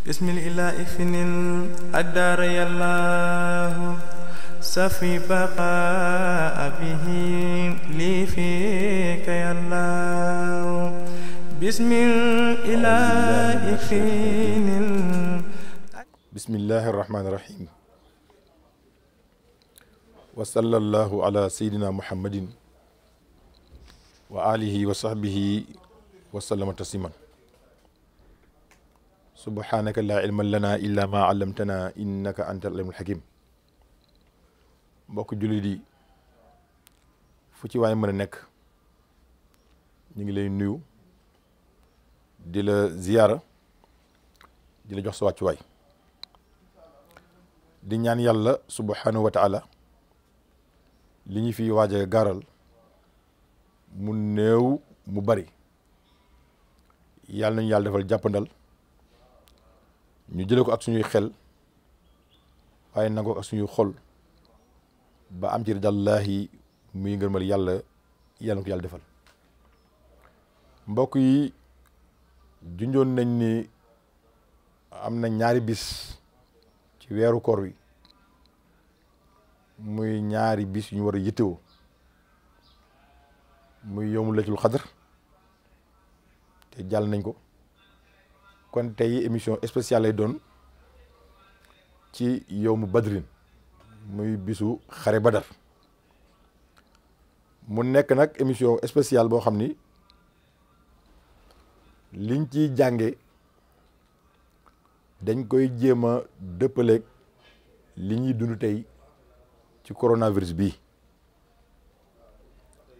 بسم الإله إفن الأدار يالله سفي بقاء به لي فيك يالله بسم الإله إفن بسم الله الرحمن الرحيم وصلى الله على سيدنا محمد وآله وصحبه وسلم تسليما سبحانك لا علم لنا إلا ما علمتنا إنك أنت العليم الحكيم mbokk jullit yi fu ci waay mën a nekk ñu ngi lay nuyu di la ziyaara di la jox sa wàccuwaay di ñaan yàlla subhanahu wa taala li ñu fi waaj a gaaral mu néew mu bari yàlla nañu yàlla defal jàppandal ñu jëlee ko ak suñuy xel waaye nangoo ak suñuy xol ba am ci dallaahi muy ngërmal yàlla yàlla na ko yàlla defal mbokk yi junjoon nañ ni am na ñaari bis ci weeru koor wi muy ñaari bis yu ñu war a yittewoo muy yowmu latul xadar te jàll nañ ko kon tey émission spéciale lay doon ci yow mu badrin muy bisu xare badar mu nekk nag émission spéciale boo xam ni liñ ciy jànge dañ koy jéem a dëppaleeg li ñuy dund tey ci coronavirus bii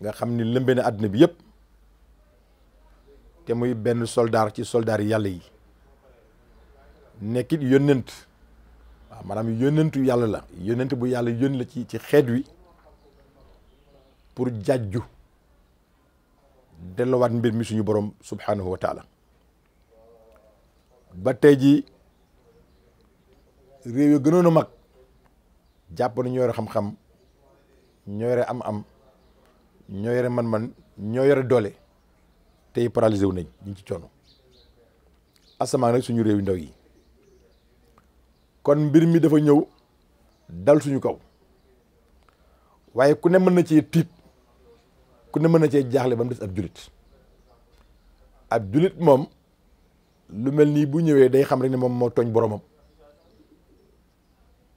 nga xam ni lëmbe na àddina bi yëpp te muy benn soldaar ci soldaar yàlla yi nekkit yónnent waaw maanaam yónnentu yàlla la yónnent bu yàlla yón la ci ci xeet wi pour jàjju dellowaat mbir mi suñu boroom subhanahu wa taala ba tey ji réew gënoon a mag jàpp na ñoo yore xam-xam ñoo yore am-am ñoo yore man-man ñoo yore doole tey paralysé wu nañ ñu ci coono asamaan rek suñu réew yu ndaw yi kon mbir mi dafa ñëw dal suñu kaw waaye ku ne mën na cee tiit ku ne mën na cee jaaxle ba mu des ab julit ab julit moom lu mel nii bu ñëwee day xam rek ne moom moo tooñ boromam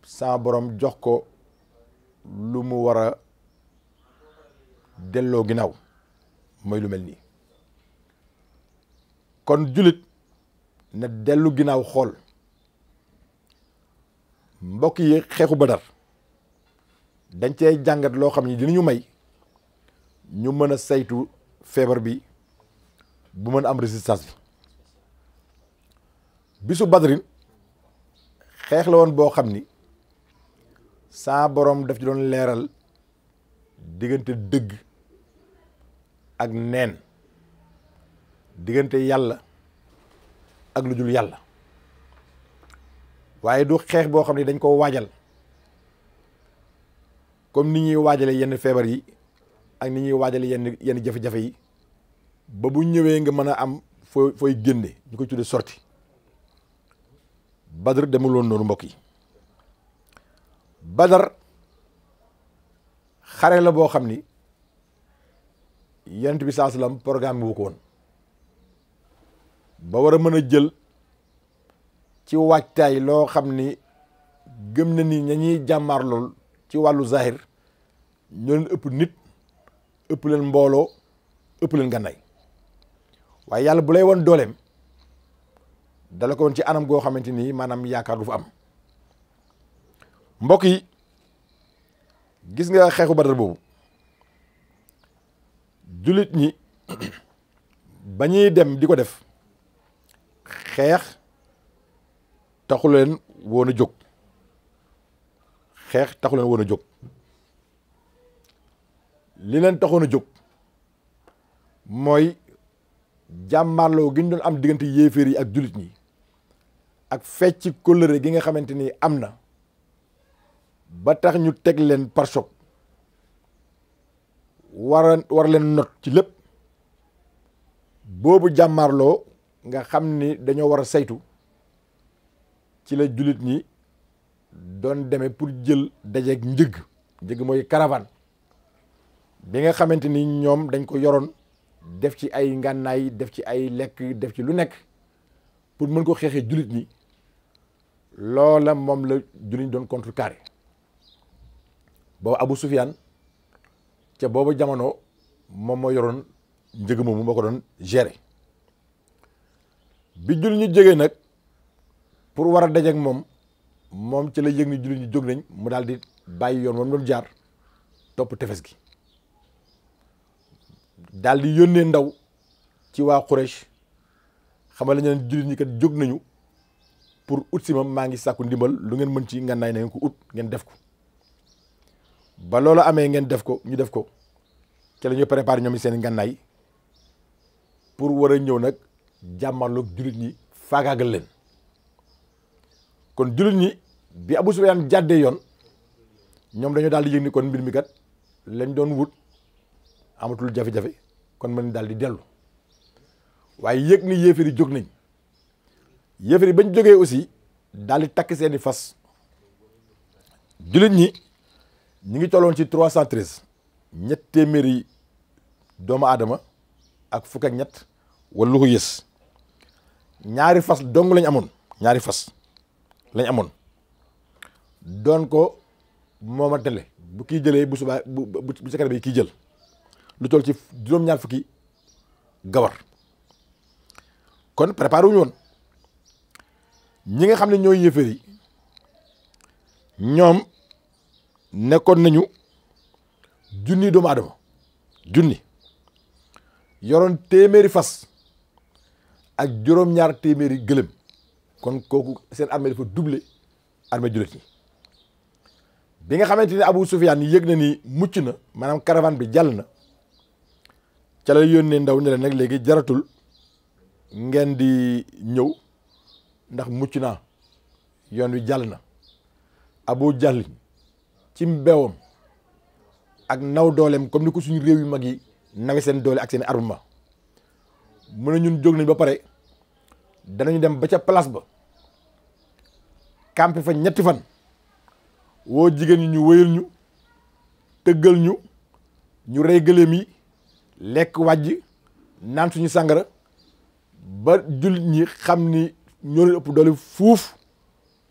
saa borom jox ko lu mu war a delloo ginnaaw mooy lu mel nii kon julit na dellu ginnaaw xool mbokk yi xeexu badar dañ cee jàngat loo xam ni dinañu may ñu mën a saytu feebar bi bu mën a am résistance bi bisu badrin xeex la woon boo xam ni saa boroom daf ci doon leeral diggante dëgg ak neen diggante yàlla ak lu yàlla waaye du xeex boo xam ne dañ koo waajal comme ni ñuy waajale yenn feebar yi ak ni ñuy waajale yenn yenn jafe-jafe yi ba bu ñëwee nga mën a am foo fooy génne ñu ko tuddee sorti badar demuloon noonu mbokk yi badar xare la boo xam ni yonent bi saa salaam programme bi wu ko woon ba war a mën a jël ci waajtaay loo xam ni gëm na ni ñañuy ñuy jàmmaar lool ci wàllu zahir ñoo leen ëpp nit ëpp leen mbooloo ëpp leen gànnaay waaye yàlla bu lay woon dooleem dala ko ci anam goo xamante ni maanaam yaakaar du fa am mbokk yi gis nga xeexu Badar boobu jullit ñi ba ñuy dem di ko def xeex taxu leen woon a jóg xeex taxu leen a jóg li leen taxoon a jóg mooy jàmmarloo gi doon am diggante yéeféer yi ak jullit ñi ak fecc kóllëre gi nga xamante ni am na ba tax ñu teg leen par choc war leen not ci lépp boobu jàmmarloo nga xam ni dañoo war a saytu ci la jullit ñi doon demee pour jël dajeeg njëg njëg mooy caravane bi nga xamante ni ñoom dañ ko yoroon def ci ay ngànnaay def ci ay lekk def ci lu nekk pour mën ko xeexee jullit ñi loola moom la jullit doon doon contrecarrer booba Abu Sufyaan ca booba jamono moom moo yoroon njëg moomu moo ko doon gérer bi jullit ñi jógee nag pour war a dajeeg moom moom ci la yëg ni jullit ñu jóg nañ mu daal di bàyyi yoon moom doon jaar topp tefes gi daal yónnee ndaw ci waa Quraysh xamal nañ ne jullit ñi kat jóg nañu pour ut si ma maa ngi sàkku ndimbal lu ngeen mën ci ngannaay na ngeen ko ut ngeen def ko ba loolu amee ngeen def ko ñu def ko ci la ñuy préparé ñoom seen ngànnaay pour war a ñëw nag jàmmarloog jullit ñi faagaagal leen. kon jullit ñi bi Abu Sufyaan jàddee yoon ñoom dañoo daal di yëg ni kon mbir mi kat lañ doon wut amatul jafe-jafe kon mën daal di dellu waaye yëg ni yéefar jóg nañ yéefar bañ jógee aussi daal di takk seeni fas jullit ñi ñu ngi tolloon ci trois cent treize ñett téeméeri doomu aadama ak fukk ak ñett wala lu ko yës ñaari fas dong lañ amoon ñaari fas lañ amoon doon ko moomatale bu kii jëlee bu subaa bu bu ca kanam kii jël lu toll ci juróom-ñaar fukki gawar kon préparé wuñu woon ñi nga xam ne ñoo yëfër ñoom nekkoon nañu junni doomu aadama junni yoroon téeméeri fas ak juróom-ñaar téeméeri gëlëm. kon kooku seen armée dafa doublé armée jullit yi bi nga xamante ni Abu Sufyaan yéeg na nii mucc na maanaam caravane bi jàll na ca la yónnee ndaw ne nag léegi jaratul ngeen di ñëw ndax mucc naa yoon wi jàll na Abu Jahl ci mbeewam ak naw dooleem comme ni ko suñu réew yu mag yi nag seen doole ak seen armement mu ne ñun jóg nañ ba pare danañu dem ba ca place ba campé fa ñetti fan woo jigéen ñi ñu wëyal ñu tëggal ñu ñu rey gëléem yi lekk wàjj naan suñu sàngara ba jullit ñi xam ni ñoo leen ëpp doole fuuf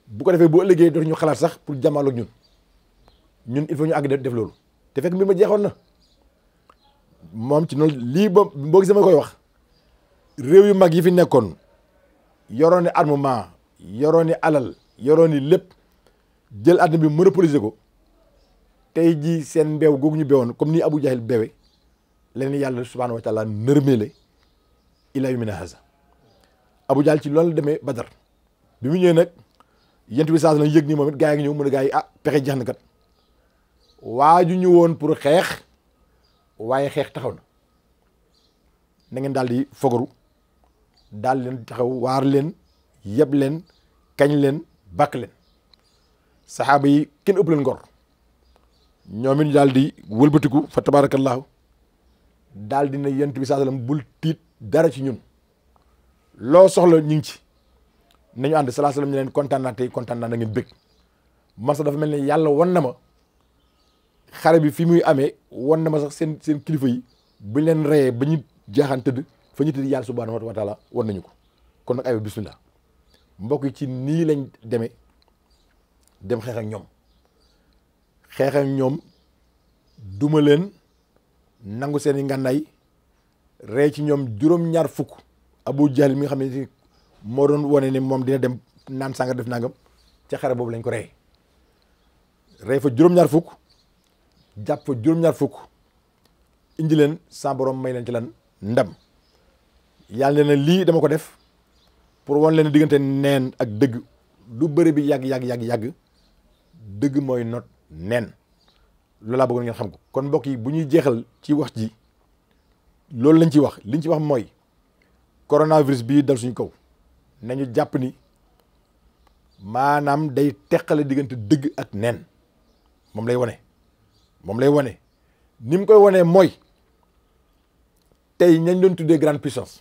bu ko defee boo ëllëgee dootu ñu xalaat sax pour jàmmaarloo ak ñun ñun il faut ñu àgg def loolu te fekk mbir ma jeexoon na moom ci noonu lii ba boo gisee ma koy wax réew yu mag yi fi nekkoon yoroon ne armement yoroon ne alal yoroon yi lépp jël àdduna bi monopoliser ko tey jii seen mbeew googu ñu bewoon comme ni Abu Jahil bewe leen yàlla subhaanahu wa taala nërmeele ila yumina haza Abu Jahil ci loolu la demee Badar bi mu ñëwee nag yent bi saa la yëg nii moom it gaa ngi ñëw mën a gaa yi ah, pexe jeex na kat waaju ñu woon pour xeex waaye xeex taxaw na na ngeen daal di fogaru daal leen taxaw waar leen yeb leen kañ leen bàkk leen saxaaba yi kenn ëpp leen ngor ñoom daal di wëlbatiku fa tabaarakallaahu daal di na yent bi sallam bul tiit dara ci ñun loo soxla ñu ngi ci nañu ànd salaa salaam ñu leen kontaan naa tey kontaan naa na ngeen bëgg man sax dafa mel ne yàlla won na ma xare bi fi muy amee wan na ma sax seen seen kilifa yi buñ leen reyee ba ñu jaaxaan tëdd fa ñu tëdd yàlla subhaanahu wa taala wan nañu ko kon nag aywa bismillah mbokk yi ci nii lañ demee dem xeex ak ñoom xeexam ñoom duma leen nangu seen i ngànnaay rey ci ñoom juróom-ñaar fukk Abu Jahl mi nga xam ne moo doon wane ni moom dina dem naan sànga def nangam ci xare boobu lañ ko rey rey fa juróom-ñaar fukk jàpp fa juróom-ñaar fukk indi leen sa borom may leen ci lan ndam yàlla na lii dama ko def pour wan leen diggante neen ak dëgg lu bari bi yàgg yàgg yàgg yàgg dëgg mooy not neen loolu laa bëggoon ngeen xam ko kon mbokk yi bu ñuy jeexal ci wax ji loolu lañ ci wax liñ ci wax mooy coronavirus bii dal suñ kow nañu jàpp ni maanaam day teqale diggante dëgg ak neen moom lay wane moom lay wane ni koy wanee mooy tey ñañ doon tuddee grande puissance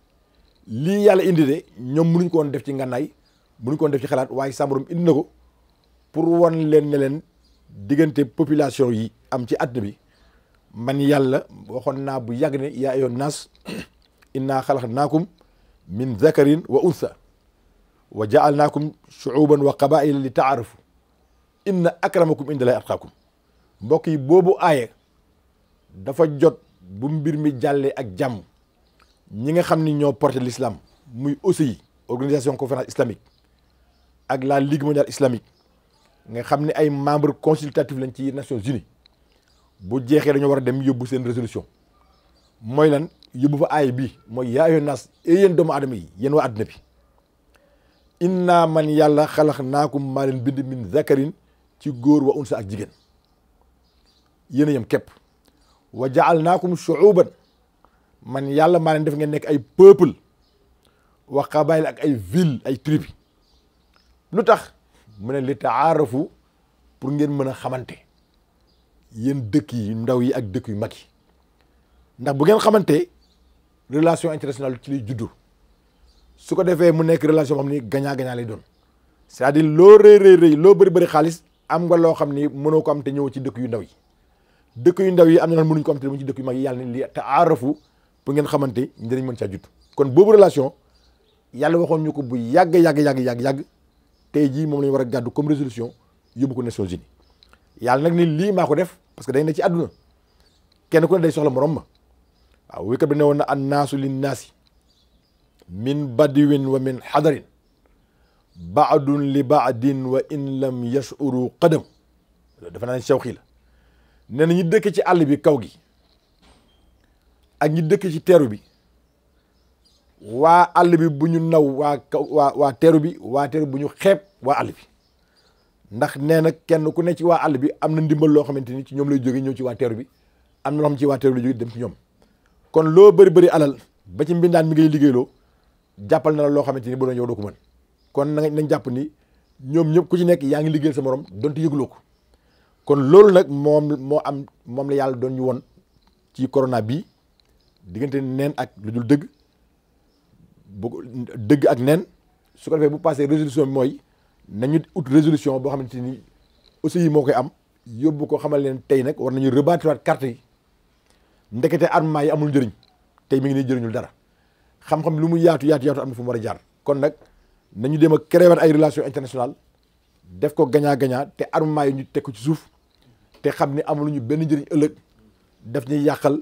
li yàlla indi de ñoom mënuñ ko woon def ci ngànnaay mënuñ ko woon def ci xalaat waaye sàmbarum indi na ko pour won leen ne leen diggante population yi am ci àdduna bi man yàlla waxoon naa bu yàgg ne yaa nas inna innaa xalaqnaakum min zakarin wa untha wa jaalnaakum shuuban wa qabaila li taarafu inna akramakum inda lay atqaakum mbokk yi boobu aaye dafa jot bu mbir mi jàllee ak jàmm ñi nga xam ni ñoo porté l'islam muy OCI organisation conférence islamique ak la ligue mondiale islamique nga xam ne ay membres consultatifs lañ ci Nations Unies bu jeexee dañoo war a dem yóbbu seen résolution mooy lan yóbbu fa aay bi mooy yaa nas naas e yéen doomu aadama yi yéen waa àddina bi inna man yàlla xalax naakum maa leen bind min zakarin ci góor wa unsa ak jigéen yéen a yem képp wa jaal naakum shuuban man yàlla maa leen def ngeen nekk ay peuple wa qabail ak ay ville ay tribu lu tax mu ne li taarafu pour ngeen mën a xamante yéen dëkk yi ndaw yi ak dëkk yu mag yi ndax bu ngeen xamante relation internationale ci lay juddu su ko defee mu nekk relation boo xam ni gagnant gagnant lay doon cest à loo rëy rëy rëy loo bari bari xaalis am nga loo xam ni mënoo ko am te ñëw ci dëkk yu ndaw yi dëkk yu ndaw yi am na mënuñ ko am te mu ci dëkk yu mag yi yàlla pour ngeen xamante ni dinañ mën caa jut kon boobu relation yàlla waxoon ñu ko bu yàgg yàgg yàgg yàgg yàgg tey jii moom la ñu war a gàddu comme résolution yóbbu ko Nations Unies yàlla nag ni lii maa def parce que dañ ne ci àdduna kenn ku ne day soxla morom ma waaw wéykat bi ne na an naasu lin naasi min badiwin wa min xadarin baadun li baadin wa in lam yashuru qadam dafa naa ne sew xii la nee na ñu ci àll bi kaw gi ak ñi dëkk ci teeru bi waa àll bi bu ñu naw waa waa waa teeru bi waa teeru bu ñu xeeb waa àll bi ndax nee nag kenn ku ne ci waa àll bi am na ndimbal loo xamante ni ci ñoom lay jóge ñëw ci waa bi am na loo xam ci waa dem ñoom kon loo bëri bëri alal ba ci mi ngay liggéeyloo jàppal na loo xamante ni bu doon ko mën kon na nañ jàpp ni ñoom ñëpp ku ci nekk yaa ngi liggéeyal sa morom donte yëgloo ko kon loolu nag moom moo am moom la yàlla doon ñu won ci corona bii diggante neen ak lu dul dëgg bu dëgg ak neen su ko defee bu passé résolution bi mooy ñu ut résolution boo xamante ni aussi moo koy am yóbbu ko xamal leen tey nag war nañu rebattre carte yi ndekete armement yi amul njëriñ tey mi ngi nii jëriñul dara xam-xam lu mu yaatu yaatu yaatu am na fu mu war a jaar kon nag nañu dem a créer ay relation internationales def ko gagnant gagnant te armement yi ñu teg ko ci suuf te xam ni ñu benn njëriñ ëllëg daf ñuy yàqal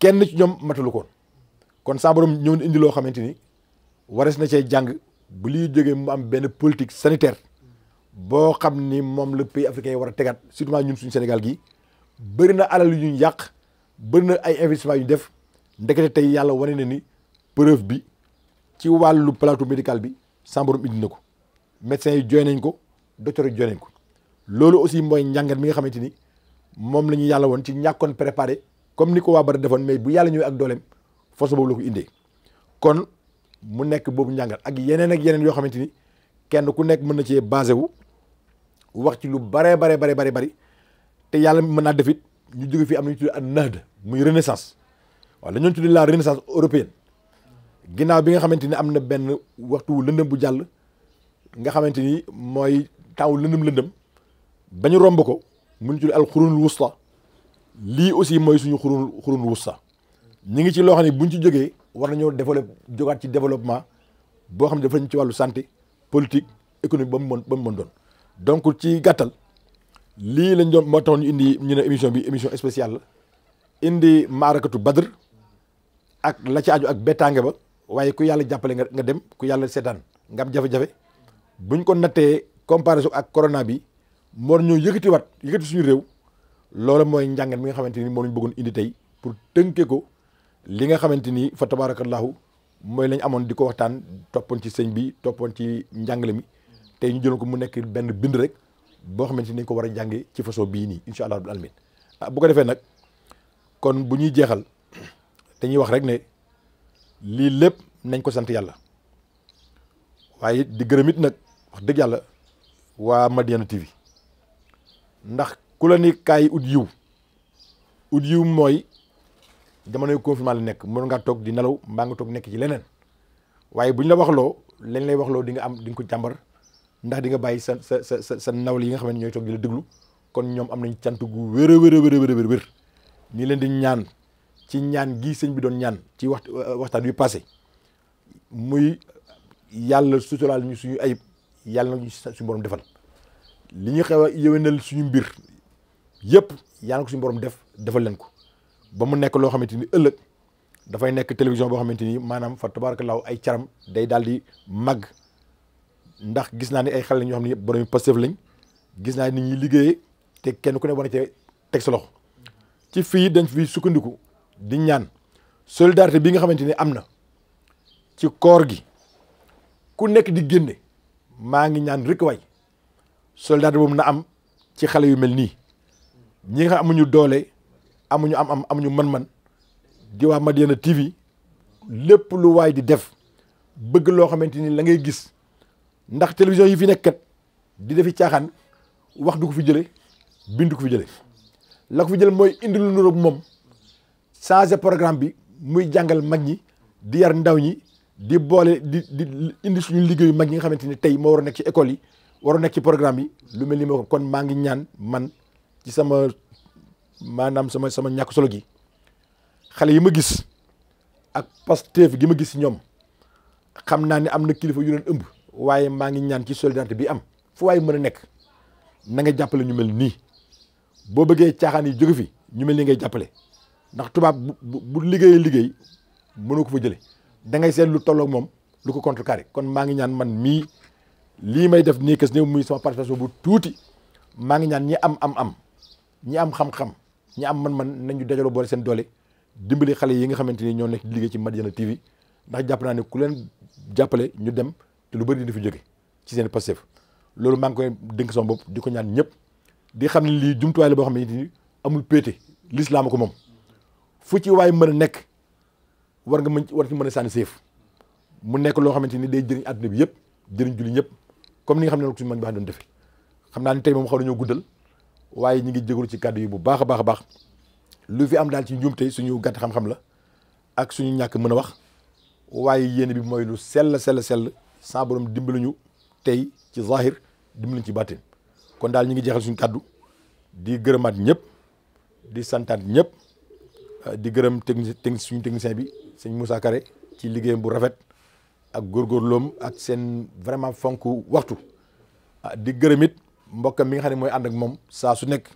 kenn ci ñoom matalu koon kon sa borom ñëw na indi loo xamante ni wares na cee jàng bu liy jógee mu am benn politique sanitaire boo xam ni moom la pays africain yi war a tegaat surtout ñun suñ Sénégal gi bëri na alal yu ñu yàq bëri na ay investissement yu ñu def ndekete tey yàlla wane na ni preuve bi ci wàllu plateau médical bi sa borom indi na ko médecins yi jooy nañ ko docteurs yi jooy ko loolu aussi mooy njàngat mi nga xamante ni moom la ñu yàlla woon ci ñàkkoon préparé comme ni ko waa Bada defoon mais bu yàlla ñëwee ak dooleem force boobu la ko indee kon mu nekk boobu njàngat ak yeneen ak yeneen yoo xamante ni kenn ku nekk mën na cee basé wu wax ci lu baree bare bare bare bari te yàlla mën naa def it ñu jóge fii am nañu tuddee ak nahd muy renaissance waaw la ñoon tuddee la renaissance européenne ginnaaw bi nga xamante ni am na benn waxtu wu lëndëm bu jàll nga xamante ni mooy temps wu lëndëm lëndëm ba ñu romb ko mu ñu tuddee alxurunul lii aussi mooy suñu xurun xurun wus sax ñu ngi ci loo xam ne buñ ci jógee war nañoo développé jógaat ci développement boo xam ne dafa ñu ci wàllu santé politique économique ba mu mën ba mu mën doon donc ci gàttal lii lañ doon moo taxoon ñu indi ñu ne émission bi émission spéciale la indi maarakatu badr ak la ci aju ak bettaange ba waaye ku yàlla jàppale nga dem ku yàlla seetaan nga am jafe-jafe buñ ko nattee comparaison ak corona bi moo ñoo yëkkatiwaat yëkkati suñu réew loolu mooy njàngat mi nga xamante ni moom lañ bëggoon indi tey pour tënkee ko li nga xamante ni fa tabarakallahu mooy lañ amoon di ko waxtaan toppoon ci sëñ bi toppoon ci njàngale mi tey ñu jëloon ko mu nekk benn bind rek boo xamante ni ko war a jànge ci façon bii nii incha allah rabbil alamin ah bu ko defee nag kon bu ñuy jeexal dañuy wax rek ne lii lépp nañ ko sant yàlla waaye di gërëmit nag wax dëgg yàlla waa Madiyana TV ndax ku la ni kaay ut yiw ut yiw mooy jamonoy confinement la nekk mën ngaa toog di nelaw mbaa nga toog nekk ci leneen waaye bu ñu la waxloo lañ lay waxloo di nga am di ko jàmbar ndax di nga bàyyi sa sa sa sa sa yi nga xam ne ñooy toog di la déglu kon ñoom am nañ cant gu wér a wér a wér a wér leen di ñaan ci ñaan gi sëñ bi doon ñaan ci waxtu waxtaan wi passé muy yàlla suturaal ñu suñu ayib yàlla na ñu suñu borom defal li mbir yëpp yàlla na ko suñu borom def defal leen ko ba mu nekk loo xamante ni ëllëg dafay nekk télévision boo xamante ni maanaam fa tabaarakallaahu ay caram day daal di màgg ndax gis naa ni ay xale la ñoo xam ne yëpp borom Pastef lañ gis naa nit ñuy liggéeyee te kenn ku ne war na cee teg sa loxo ci fii dañ sukkandiku di ñaan solidarité bi nga xamante ni am na ci koor gi ku nekk di génne maa ngi ñaan rekk waay solidarité boobu na am ci xale yu mel nii. ñi nga amuñu doole amuñu am am amuñu man man di waa Madiyana TV lépp lu waay di def bëgg loo xamante ni la ngay gis ndax télévision yi fi nekkat di defi caaxaan wax du ko fi jële bindu ko fi jële la ko fi jël mooy indi lu niróo moom changé programme bi muy jàngal mag ñi di yar ndaw ñi di boole di di indi suñu liggéeyu mag ñi nga xamante ni tey moo war a nekk ci école yi war a nekk ci programme yi lu mel ni moo ko kon maa ngi ñaan man ci sama manam sama sama ñak solo gi xalé yi ma gis ak Pastef gi ma gis ñom xamna ni amna am kilifa yu leen ëmb waye ma ngi ñaan ci solidarité bi am fu waaye mëna nek na nga jappalé ñu mel ni bo bëggé chaxan yi fi ñu mel ni ngay jappalé ndax tubaab bu liggéey liggéey mënoo ko fa jëlé da ngay sét lu tollok mom lu ko kon mangi ngi ñaan man mi li may def ni kess néew muy sama participation bu tuti nyan ngi ñaan ñi am am am ñi am xam-xam ñi am mën-mën nañu dajaloo boole seen doole dimbali xale yi nga xamante ni ñoo nekk di liggéey ci Madiyana TV ndax jàpp naa ne ku leen jàppale ñu dem lu bëri dina fi jóge ci seen Pastef loolu maa ngi koy dénk sama bopp di ko ñaan ñëpp di xam lii jumtuwaay boo xam ne ni amul péete lislaam ko moom fu ci mën a nekk war nga mën war ci mën a sànni séef mu nekk loo xamante ni day jëriñ àdduna bi yëpp jëriñ julli ñëpp comme ni nga xam ne nag suñu man baax doon defee xam naa ne tey moom xaw ñoo guddal waaye ñu ngi jégalu ci kàddu yi bu baax a baax a baax lu fi am daal ci njuumte suñu gàtt xam-xam la ak suñu ñàkk mën a wax waaye yéene bi mooy lu sell sell sell sa borom dimbaluñu tey ci zahir dimbaluñu ci bàttin kon daal ñu ngi jeexal suñu kàddu di gërëmaat ñëpp di santaat ñëpp euh, di gërëm technicien suñu technicien bi sëñ Moussa Kare ci liggéeyam bu rafet ak góorgóorloom ak seen vraiment fonk waxtu ah di gërëm mbokkam mi nga xam ne mooy ànd moom saa su nekk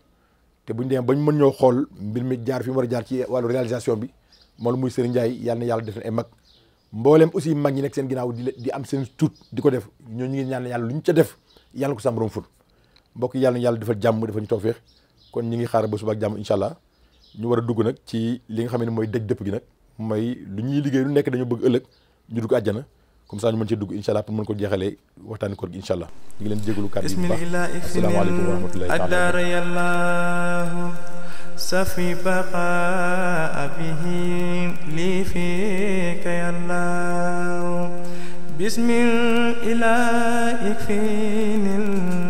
te buñu demee bañ mën ñoo xool mbir mi jaar fi mu war a jaar ci wàllu réalisation bi moom muy Serigne Ndiaye yàlla na yàlla def na ay mag mbooleem aussi mag ñi nekk seen ginnaaw di di am seen tuut di ko def ñoo ñu ngi ñaan yàlla lu ñu ca def yàlla ko sàmm mbokk yàlla yàlla defal jàmm defal ñu tawféex kon ñu ngi xaar ba suba ak jàmm incha allah ñu war a dugg nag ci li nga xam ne mooy dëj dëpp gi nag mooy lu ñuy liggéey lu nekk dañu bëgg ëllëg ñu dugg comme ça ñu mën ci dugg inshallah pour mën ko jéxalé waxtaani ko inshallah ñi ngi leen di kat kàddu yi bu baax asalaamaaleykum wa rahmatullahi taala سفي بقاء به لي فيك يا الله بسم الله يكفيني